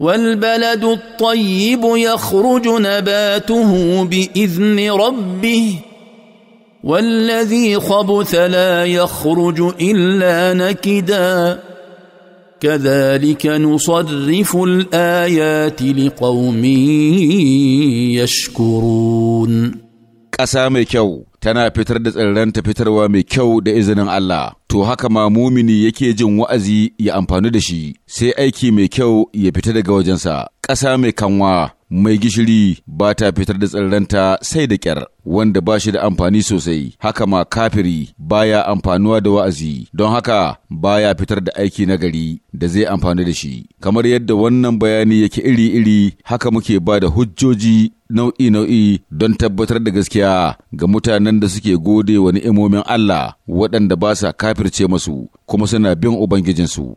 والبلد الطيب يخرج نباته باذن ربه والذي خبث لا يخرج الا نكدا كذلك نصرف الايات لقوم يشكرون ƙasa mai kyau tana fitar da tsirranta fitarwa mai kyau da izinin Allah, to haka ma mumini yake jin wa'azi ya amfani da shi, sai aiki mai kyau ya fita daga wajensa, ƙasa mai kanwa mai gishiri ba ta fitar da tsirranta sai da kyar wanda ba shi da amfani sosai haka ma kafiri baya amfanuwa da wa'azi don haka baya fitar da aiki na gari da zai amfani da shi kamar yadda wannan bayani yake iri-iri haka muke ba da hujjoji nau'i-nau'i don tabbatar da gaskiya ga mutanen da suke gode wa ni'imomin Allah waɗanda ba sa kafirce masu kuma suna bin Ubangijinsu.